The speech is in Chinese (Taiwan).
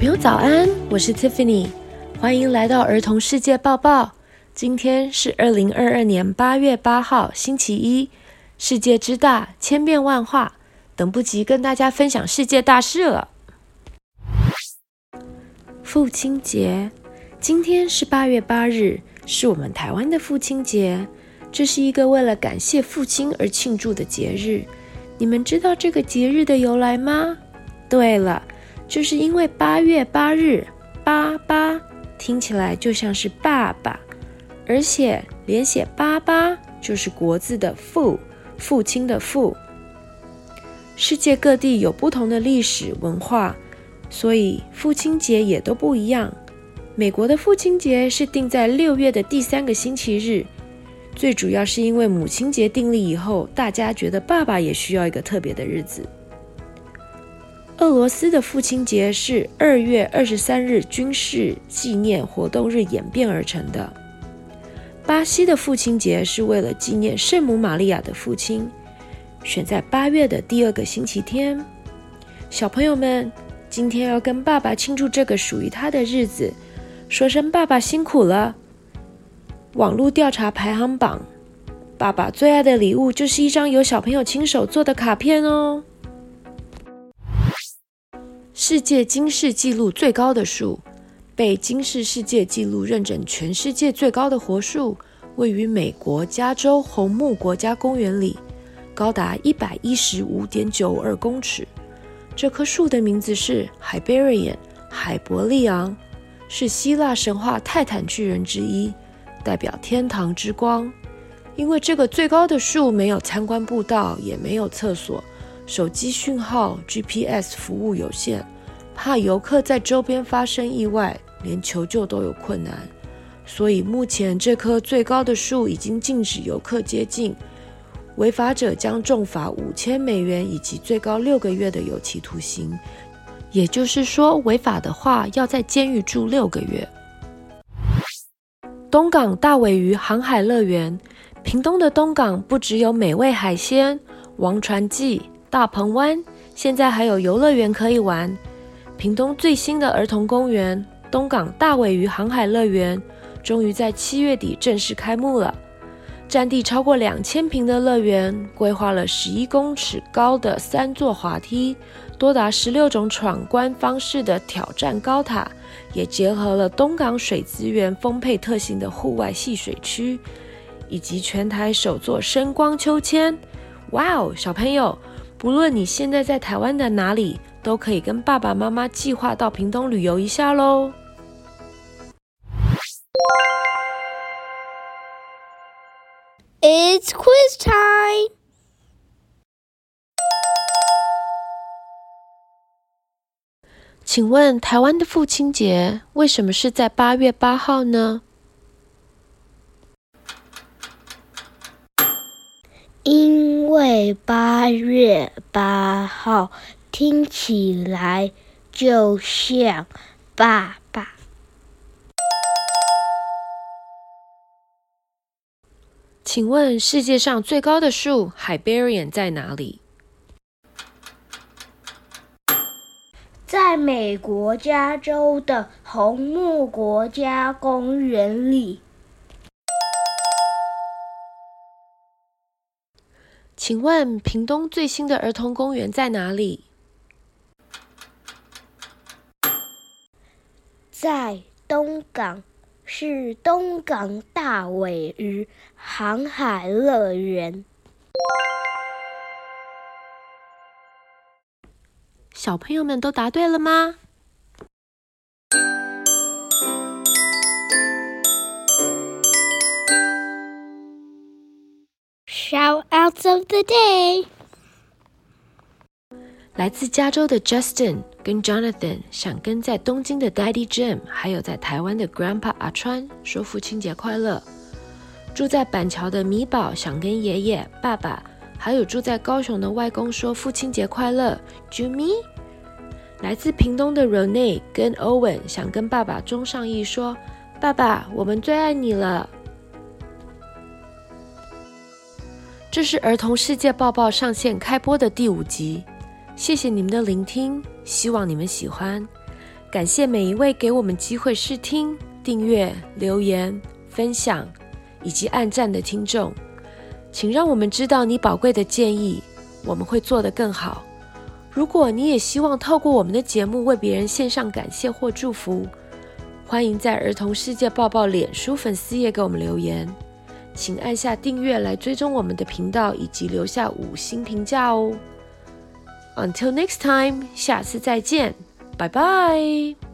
朋友早安，我是 Tiffany，歡迎來到兒童世界報報。今天是二零二二年八月八號，星期一。世界之大，千變萬化，等不及跟大家分享世界大事了。父親節，今天是八月八日，是我們台灣的父親節。這是一個為了感謝父親而慶祝的節日。你們知道這個節日的由來嗎？對了。就是因為八月八日，八八聽起來就像是爸爸，而且連寫“八八”就是國字的“父”，父親的“父”。世界各地有不同的歷史文化，所以父親節也都不一樣。美國的父親節是定在六月的第三個星期日，最主要是因為母親節訂立以後，大家覺得爸爸也需要一個特別的日子。俄羅斯的父親節是二月二十三日軍事紀念活動日演變而成的。巴西的父親節是為了紀念聖母瑪利亞的父親，選在八月的第二個星期天。小朋友們，今天要跟爸爸慶祝這個屬於他的日子，說聲爸爸辛苦了。網絡調查排行榜，爸爸最愛的禮物就是一張由小朋友親手做的卡片哦。世界金氏紀錄最高的樹，被金氏世界紀錄認證，全世界最高的活樹，位於美國加州紅木國家公園裡，高達一百一十五點九二公尺。這棵樹的名字是 Hyperion 海伯利昂，是希臘神話泰坦巨人之一，代表天堂之光。因為這個最高的樹沒有參觀步道，也沒有廁所，手機訊號、GPS 服務有限，怕遊客在周邊發生意外，連求救都有困難，所以目前這棵最高的樹已經禁止遊客接近，違法者將重罰五千美元以及最高六個月的有期徒刑。也就是說，違法的話要在監獄住六個月。東港大鮪魚航海樂園，屏東的東港不只有美味海鮮、王船祭。大鵬灣現在還有遊樂園可以玩。屏東最新的兒童公園——東港大鮪魚航海樂園，終於在七月底正式開幕了。佔地超過兩千坪的樂園，規劃了十一公尺高的三座滑梯，多達十六種闖關方式的挑戰高塔，也結合了東港水資源豐沛特性的戶外戲水區，以及全台首座聲光秋千。哇哦，小朋友！不論你現在在台灣的哪裡，都可以跟爸爸媽媽計劃到屏東旅遊一下嘍。It's quiz time。請問台灣的父親節為什麼是在八月八號呢？In 為八月八號，聽起來就像爸爸。請問世界上最高的樹，海柏利昂，在哪裡？在美國加州的紅木國家公園裡。請問屏東最新的兒童公園在哪裡？在東港，是東港大鮪魚航海樂園。小朋友們都答對了嗎？Shout outs of the day。來自加州的 Justin 跟 Jonathan 想跟在東京的 Daddy Jim 還有在台灣的 Grandpa 阿川說父親節快樂。住在板橋的米寶想跟爺爺、爸爸還有住在高雄的外公說父親節快樂。啾咪。來自屏東的 Renee 跟 Owen 想跟爸爸鍾尚義說：“爸爸，我們最愛你了。”這是兒童世界報報上線開播的第五集，謝謝你們的聆聽，希望你們喜歡。感謝每一位給我們機會試聽、訂閱、留言、分享以及按讚的聽眾，請讓我們知道你寶貴的建議，我們會做得更好。如果你也希望透過我們的節目為別人獻上感謝或祝福，歡迎在兒童世界報報臉書粉絲頁給我們留言。請按下訂閱來追蹤我們的頻道，以及留下五星評價哦。Until next time，下次再見，拜拜。